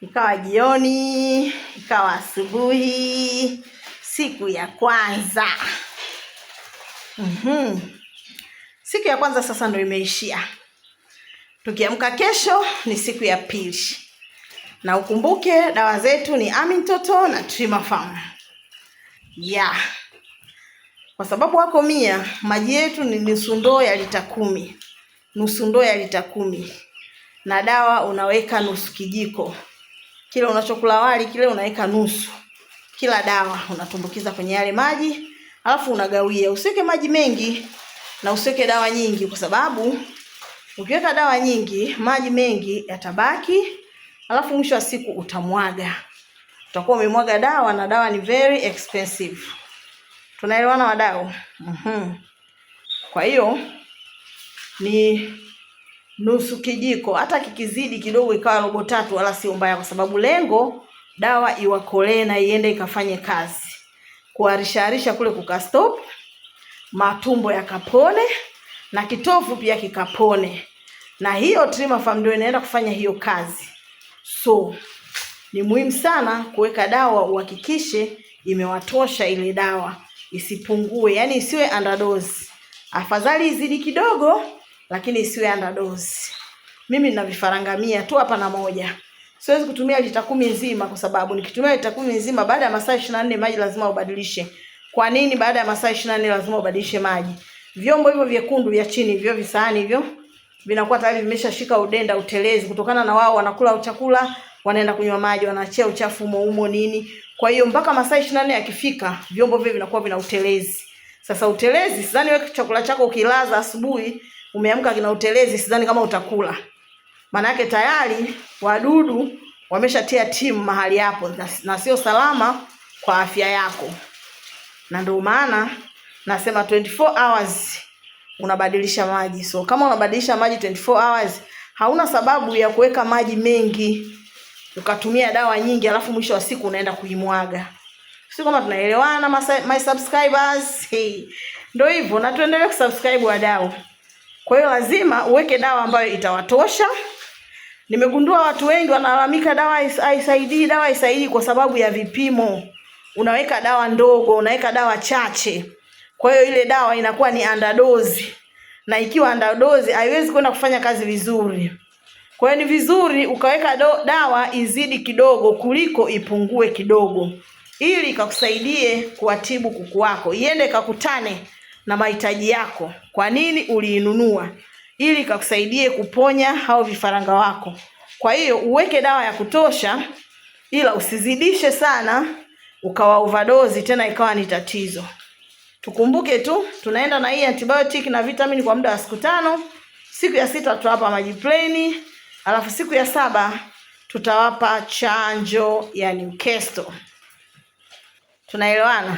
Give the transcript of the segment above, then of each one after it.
ikawa jioni, ikawa asubuhi, siku ya kwanza mm -hmm. Siku ya kwanza sasa ndo imeishia. Tukiamka kesho ni siku ya pili, na ukumbuke dawa zetu ni Amintoto na Trimafam ya yeah. Kwa sababu wako mia, maji yetu ni nusu ndoo ya lita kumi, nusu ndoo ya lita kumi, na dawa unaweka nusu kijiko kile unachokula wali kile unaweka nusu, kila dawa unatumbukiza kwenye yale maji, alafu unagawia. Usiweke maji mengi na usiweke dawa nyingi, kwa sababu ukiweka dawa nyingi, maji mengi yatabaki, alafu mwisho wa siku utamwaga, utakuwa umemwaga dawa, na dawa ni very expensive. Tunaelewana wadau? mm -hmm. Kwa hiyo ni nusu kijiko, hata kikizidi kidogo ikawa robo tatu, wala sio mbaya, kwa sababu lengo dawa iwakolee na iende ikafanye kazi, kuharishaharisha kule kukastop, matumbo yakapone na kitofu pia kikapone, na hiyo Trimafam ndio inaenda kufanya hiyo kazi. So ni muhimu sana kuweka dawa, uhakikishe imewatosha ile dawa, isipungue, yani isiwe underdose. Afadhali izidi kidogo lakini isiwe underdose. Mimi nina vifaranga mia tu hapa na moja, siwezi kutumia lita kumi nzima, kwa sababu nikitumia lita kumi nzima baada ya masaa 24 maji lazima ubadilishe. Kwa nini baada ya masaa 24 lazima ubadilishe maji? Vyombo hivyo vyekundu vya chini hivyo, visahani hivyo vinakuwa tayari vimeshashika udenda, utelezi, kutokana na wao wanakula chakula, wanaenda kunywa maji, wanaachia uchafu umo umo nini. Kwa hiyo mpaka masaa 24 yakifika, vyombo vile vinakuwa vina utelezi. Sasa utelezi, sidhani wewe chakula chako ukilaza asubuhi umeamka kina utelezi, sidhani kama utakula. Maana yake tayari wadudu wameshatia timu mahali hapo, na, na sio salama kwa afya yako, na ndio maana nasema 24 hours unabadilisha maji. So kama unabadilisha maji 24 hours, hauna sababu ya kuweka maji mengi ukatumia dawa nyingi, alafu mwisho wa siku unaenda kuimwaga. Sio kama tunaelewana my subscribers? Hey, ndio hivyo, na tuendelee kusubscribe wadau. Kwa hiyo lazima uweke dawa ambayo itawatosha. Nimegundua watu wengi wanalalamika dawa haisaidii, dawa haisaidii kwa sababu ya vipimo. Unaweka dawa ndogo, unaweka dawa chache, kwa hiyo ile dawa inakuwa ni underdose, na ikiwa underdose haiwezi kwenda kufanya kazi vizuri. Kwa hiyo ni vizuri ukaweka do, dawa izidi kidogo kuliko ipungue kidogo, ili ikakusaidie kuwatibu kuku wako, iende kakutane na mahitaji yako, kwa nini uliinunua, ili ikakusaidie kuponya hao vifaranga wako. Kwa hiyo uweke dawa ya kutosha, ila usizidishe sana ukawa overdose tena ikawa ni tatizo. Tukumbuke tu tunaenda na hii antibiotic na vitamini kwa muda wa siku tano. Siku ya sita tutawapa maji plaini, alafu siku ya saba tutawapa chanjo ya Newcastle. Tunaelewana?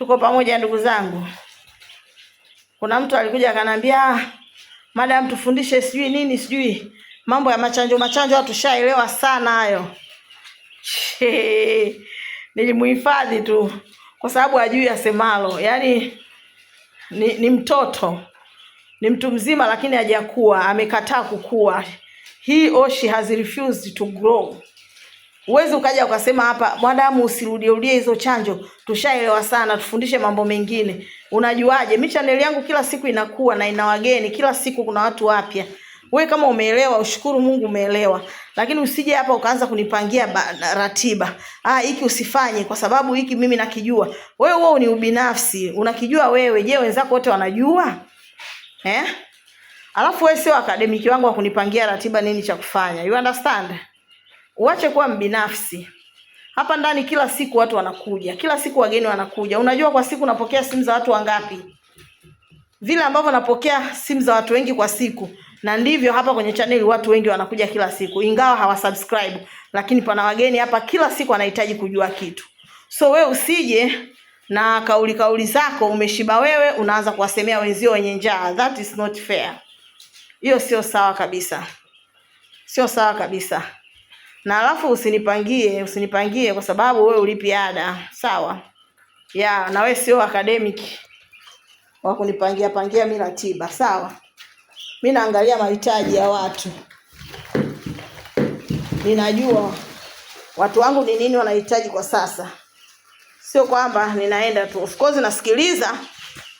Tuko pamoja ndugu zangu. Kuna mtu alikuja akanambia, madam, tufundishe sijui nini sijui mambo ya machanjo machanjo, watu shaelewa sana hayo. Nilimuhifadhi tu kwa sababu ajui asemalo, yaani ni, ni mtoto ni mtu mzima, lakini hajakuwa, amekataa kukua. hii oshi has refused to grow. Huwezi ukaja ukasema hapa mwanadamu usirudie rudie hizo chanjo, tushaelewa sana, tufundishe mambo mengine. Unajuaje? Mimi chaneli yangu kila siku inakuwa na ina wageni kila siku, kuna watu wapya. Wewe kama umeelewa, ushukuru Mungu umeelewa, lakini usije hapa ukaanza kunipangia ba, ratiba ah, hiki usifanye kwa sababu hiki mimi nakijua. Wewe wewe ni ubinafsi, unakijua wewe. Je, wenzako wote wanajua eh? Alafu wewe sio akademiki wangu wa kunipangia ratiba nini cha kufanya, you understand Uache kuwa mbinafsi. Hapa ndani kila siku watu wanakuja, kila siku wageni wanakuja. Unajua kwa siku napokea simu za watu wangapi? Vile ambavyo napokea simu za watu wengi kwa siku, na ndivyo hapa kwenye chaneli watu wengi wanakuja kila siku, ingawa hawasubscribe, lakini pana wageni hapa kila siku wanahitaji kujua kitu. So we usije na kauli kauli zako, umeshiba wewe unaanza kuwasemea wenzio wenye njaa. That is not fair. Hiyo sio sawa kabisa, sio sawa kabisa na alafu usinipangie usinipangie kwa sababu we ulipi ada sawa ya na we sio academic wa kunipangia pangia mi ratiba sawa mi naangalia mahitaji ya watu ninajua watu wangu ni nini wanahitaji kwa sasa sio kwamba ninaenda tu of course nasikiliza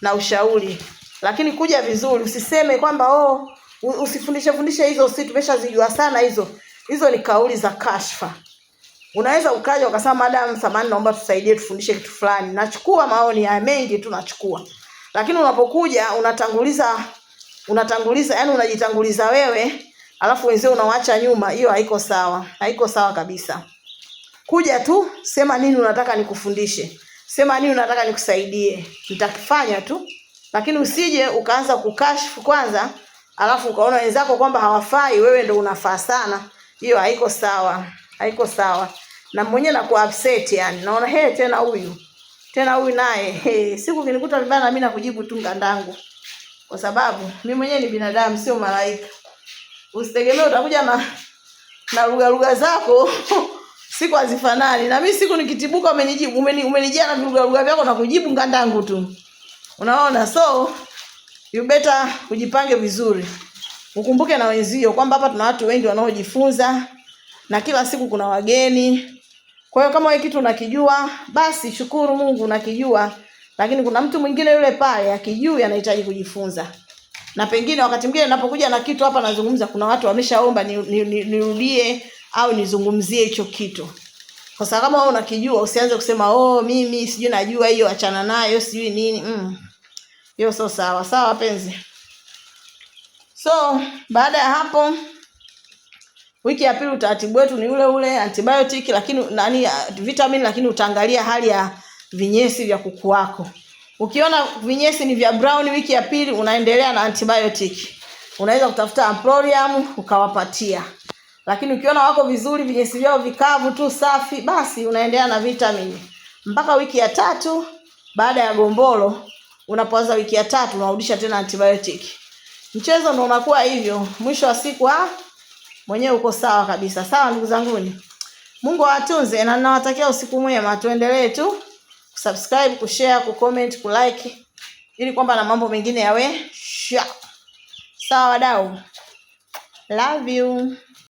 na ushauri lakini kuja vizuri usiseme kwamba oh usifundishe fundishe hizo si tumeshazijua sana hizo Hizo ni kauli za kashfa. Unaweza ukaja ukasema, madam, samani, naomba tusaidie, tufundishe kitu fulani. Nachukua maoni ya mengi tu nachukua, lakini unapokuja unatanguliza unatanguliza, yani unajitanguliza wewe alafu wenzio unawacha nyuma, hiyo haiko sawa, haiko sawa kabisa. Kuja tu sema nini unataka nikufundishe, sema nini unataka nikusaidie, nitakifanya tu, lakini usije ukaanza kukashifu kwanza, alafu ukaona wenzako kwamba hawafai, wewe ndo unafaa sana hiyo haiko sawa, haiko sawa na mwenye na kuwa upset yani, naona he, tena huyu tena huyu naye hey, siku kinikuta vibaya, na mimi nakujibu tu ngandangu, kwa sababu mimi mwenyewe ni binadamu, sio malaika. Usitegemee utakuja na na lugha lugha zako siku hazifanani na mimi. Siku nikitibuka umenijibu umeni, umenijia na lugha lugha vyako na kujibu ngandangu tu, unaona. So you better ujipange vizuri. Ukumbuke na wenzio kwamba hapa tuna watu wengi wanaojifunza na kila siku kuna wageni. Kwa hiyo kama wewe kitu unakijua, basi shukuru Mungu unakijua, lakini kuna mtu mwingine yule pale akijui anahitaji kujifunza. Na pengine wakati mwingine ninapokuja na kitu hapa nazungumza, kuna watu wameshaomba nirudie ni, ni, ni au nizungumzie hicho kitu. Kwa sababu kama wewe unakijua usianze kusema oh, mimi sijui najua hiyo, achana nayo sijui nini. Mm. Hiyo sio sawa. Sawa penzi. So baada ya hapo wiki ya pili utaratibu wetu ni ule ule antibiotic, lakini nani vitamin, lakini utaangalia hali ya vinyesi vya kuku wako. Ukiona vinyesi ni vya brown, wiki ya pili unaendelea na antibiotic. Unaweza kutafuta amprolium ukawapatia, lakini ukiona wako vizuri, vinyesi vyao vikavu tu safi, basi unaendelea na vitamin mpaka wiki ya tatu. Baada ya gombolo, unapoanza wiki ya tatu unarudisha tena antibiotic mchezo ndo unakuwa hivyo. Mwisho wa siku ah, mwenyewe uko sawa kabisa. Sawa ndugu zanguni, Mungu awatunze na ninawatakia usiku mwema. Tuendelee tu kusubscribe, kushare, kucomment, kulike ili kwamba na mambo mengine yawe Sawa wadau, love you.